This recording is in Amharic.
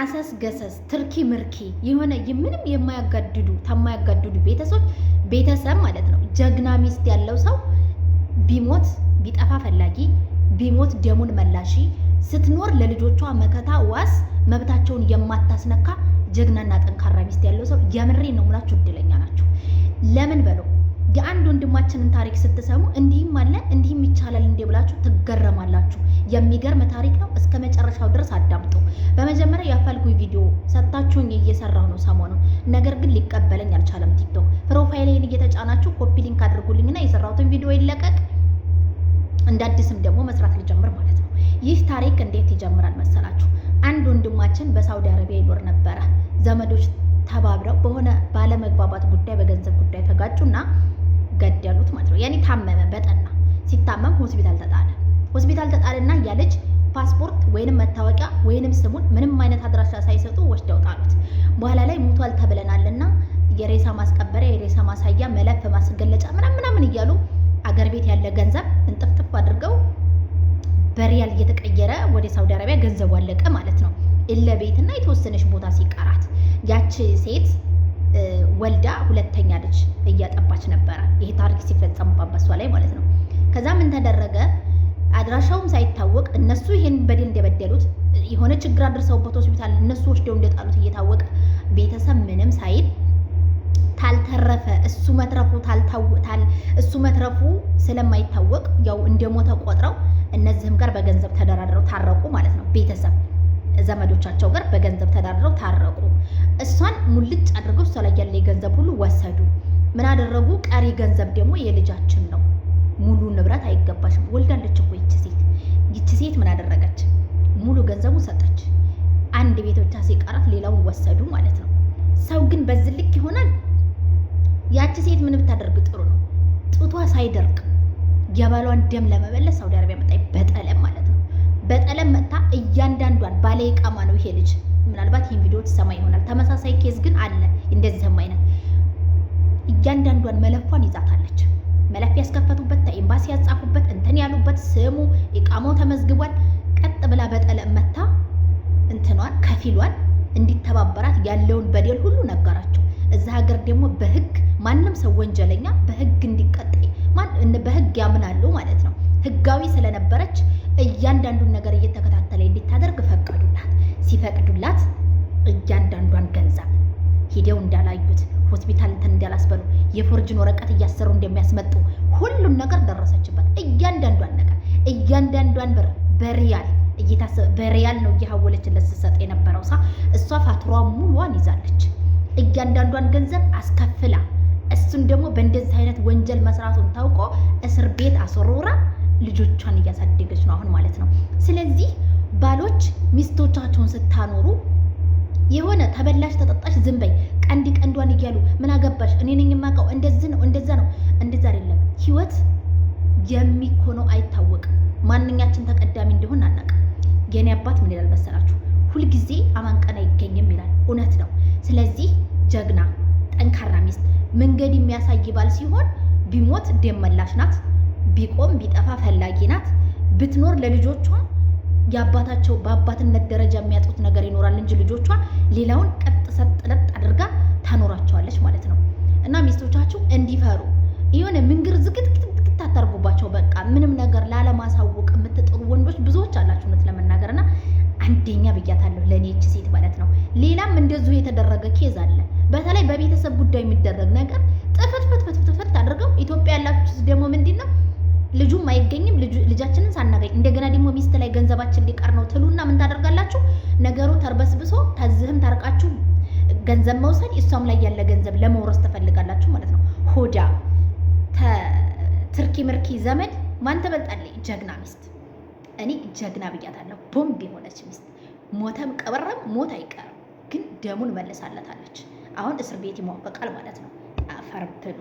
አሰስ ገሰስ ትርኪ ምርኪ የሆነ ምንም የማያጋድዱ ከማያጋድዱ ቤተሰብ ቤተሰብ ማለት ነው። ጀግና ሚስት ያለው ሰው ቢሞት ቢጠፋ ፈላጊ ቢሞት ደሙን መላሺ ስትኖር ለልጆቿ መከታ ዋስ መብታቸውን የማታስነካ ጀግናና ጠንካራ ሚስት ያለው ሰው የምሬ ነው ሙላችሁ እድለኛ ናቸው። ለምን በለው የአንድ ወንድማችንን ታሪክ ስትሰሙ እንዲህም አለ እንዲህም ይቻላል እንዴ ብላችሁ ትገረማላችሁ። የሚገርም ታሪክ ነው። እስከ መጨረሻው ድረስ አዳምጡ። በመጀመሪያ የአፋልጉኝ ቪዲዮ ሰታችሁኝ እየሰራሁ ነው ሰሞኑ፣ ነገር ግን ሊቀበለኝ አልቻለም ቲክቶክ። ፕሮፋይሌን እየተጫናችሁ ኮፒ ሊንክ አድርጉልኝና የሰራሁትን ቪዲዮ ይለቀቅ፣ እንደ አዲስም ደግሞ መስራት ልጀምር ማለት ነው። ይህ ታሪክ እንዴት ይጀምራል መሰላችሁ? አንድ ወንድማችን በሳውዲ አረቢያ ይኖር ነበረ። ዘመዶች ተባብረው በሆነ ባለመግባባት ጉዳይ፣ በገንዘብ ጉዳይ ተጋጩና ገደሉት ማለት ነው። ያኔ ታመመ በጠና ሲታመም ሆስፒታል ተጣለ። ሆስፒታል ተጣለና ያ ልጅ ፓስፖርት ወይንም መታወቂያ ወይንም ስሙን ምንም አይነት አድራሻ ሳይሰጡ ወስደው ጣሉት። በኋላ ላይ ሙቷል ተብለናልና የሬሳ ማስቀበሪያ፣ የሬሳ ማሳያ፣ መለፍ ማስገለጫ ምናምን ምናምን እያሉ አገር ቤት ያለ ገንዘብ እንጥፍጥፍ አድርገው በሪያል እየተቀየረ ወደ ሳውዲ አረቢያ ገንዘቡ አለቀ ማለት ነው። ቤትና የተወሰነች ቦታ ሲቀራት ያቺ ሴት ወልዳ ሁለተኛ ልጅ እያጠባች ነበረ። ይሄ ታሪክ ሲፈጸሙባት በሷ ላይ ማለት ነው። ከዛ ምን ተደረገ? አድራሻውም ሳይታወቅ እነሱ ይሄን በደል እንደበደሉት የሆነ ችግር አድርሰውበት ሆስፒታል እነሱ ወስደው እንደጣሉት እየታወቀ ቤተሰብ ምንም ሳይል ታልተረፈ እሱ መትረፉ እሱ መትረፉ ስለማይታወቅ ያው እንደሞተ ቆጥረው እነዚህም ጋር በገንዘብ ተደራድረው ታረቁ ማለት ነው ቤተሰብ ዘመዶቻቸው ጋር በገንዘብ ተዳድረው ታረቁ። እሷን ሙልጭ አድርገው እሷ ላይ ያለ የገንዘብ ሁሉ ወሰዱ። ምን አደረጉ? ቀሪ ገንዘብ ደግሞ የልጃችን ነው፣ ሙሉ ንብረት አይገባሽም። ወልዳለች እኮ ይቺ ሴት። ይቺ ሴት ምን አደረገች? ሙሉ ገንዘቡ ሰጠች። አንድ ቤት ብቻ ሲቀራት ሌላውን ወሰዱ ማለት ነው። ሰው ግን በዚህ ልክ ይሆናል? ያቺ ሴት ምን ብታደርግ ጥሩ ነው? ጡቷ ሳይደርቅ የባሏን ደም ለመበለስ ሳውዲ አረቢያ መጣይ በጠለም ማለት ነው። በጠለም መጥታ እያንዳንዷን ባለ ዕቃማ ነው ይሄ ልጅ። ምናልባት ይህን ቪዲዮ ትሰማ ይሆናል። ተመሳሳይ ኬዝ ግን አለ እንደዚህ ሰማይነት እያንዳንዷን መለፏን ይዛታለች። መለፍ ያስከፈቱበት ተኤምባሲ ያጻፉበት እንትን ያሉበት ስሙ ኢቃማው ተመዝግቧል። ቀጥ ብላ በጠለም መታ እንትኗን ከፊሏን እንዲተባበራት ያለውን በደል ሁሉ ነገራቸው። እዚ ሀገር ደግሞ በህግ ማንም ሰው ወንጀለኛ በህግ እንዲቀጥ በህግ ያምናሉ ማለት ነው። ህጋዊ ስለነበረች እያንዳንዱን ነገር እየተከታተለ እንዲታደርግ ፈቀዱላት። ሲፈቅዱላት እያንዳንዷን ገንዘብ ሂደው እንዳላዩት ሆስፒታል እንትን እንዳላስበሉ የፎርጅን ወረቀት እያሰሩ እንደሚያስመጡ ሁሉን ነገር ደረሰችበት። እያንዳንዷን ነገር እያንዳንዷን ብር በሪያል በሪያል ነው እየሀወለችለት ስትሰጥ የነበረው ሳ እሷ ፋትሯ ሙሏን ይዛለች። እያንዳንዷን ገንዘብ አስከፍላ እሱን ደግሞ በእንደዚህ አይነት ወንጀል መስራቱን ታውቆ እስር ቤት አስሮራ ልጆቿን እያሳደገች ነው አሁን ማለት ነው። ስለዚህ ባሎች ሚስቶቻቸውን ስታኖሩ የሆነ ተበላሽ ተጠጣሽ ዝም በይ ቀንድ ቀንዷን እያሉ ምን አገባሽ እኔ ነኝ የማውቀው እንደዚህ ነው እንደዛ ነው እንደዛ አይደለም። ህይወት የሚኮነው አይታወቅም። ማንኛችን ተቀዳሚ እንደሆን አናውቅም። የኔ አባት ምን ይላል መሰላችሁ? ሁልጊዜ አማንቀን አይገኝም ይላል። እውነት ነው። ስለዚህ ጀግና ጠንካራ ሚስት መንገድ የሚያሳይ ባል ሲሆን ቢሞት ደመላሽ ናት። ቢቆም ቢጠፋ ፈላጊ ናት። ብትኖር ለልጆቿ የአባታቸው በአባትነት ደረጃ የሚያጡት ነገር ይኖራል እንጂ ልጆቿ ሌላውን ቀጥ ሰጥ ለጥ አድርጋ ታኖራቸዋለች ማለት ነው። እና ሚስቶቻችሁ እንዲፈሩ የሆነ ምንግር ዝግትግትግት በቃ ምንም ነገር ላለማሳወቅ የምትጥሩ ወንዶች ብዙዎች አላችሁ እውነት ለመናገር እና አንደኛ ብያታለሁ ለእኔ እች ሴት ማለት ነው። ሌላም እንደዚሁ የተደረገ ኬዝ አለ። በተለይ በቤተሰብ ጉዳይ የሚደረግ ነገር ጥፍትፍትፍትፍት አድርገው ኢትዮጵያ ያላችሁ ደግሞ ምንድን ነው ልጁም አይገኝም፣ ልጃችንን ሳናገኝ እንደገና ደግሞ ሚስት ላይ ገንዘባችን ሊቀር ነው ትሉና ምን ታደርጋላችሁ? ነገሩ ተርበስብሶ ተዝህም ታርቃችሁ ገንዘብ መውሰድ እሷም ላይ ያለ ገንዘብ ለመውረስ ትፈልጋላችሁ ማለት ነው። ሆዳ ትርኪ ምርኪ ዘመድ ማን ተበልጣለ? ጀግና ሚስት እኔ ጀግና ብያታለሁ። ቦምብ የሆነች ሚስት ሞተም ቀበረም ሞት አይቀርም፣ ግን ደሙን መልሳለታለች። አሁን እስር ቤት ይሟበቃል ማለት ነው። አፈር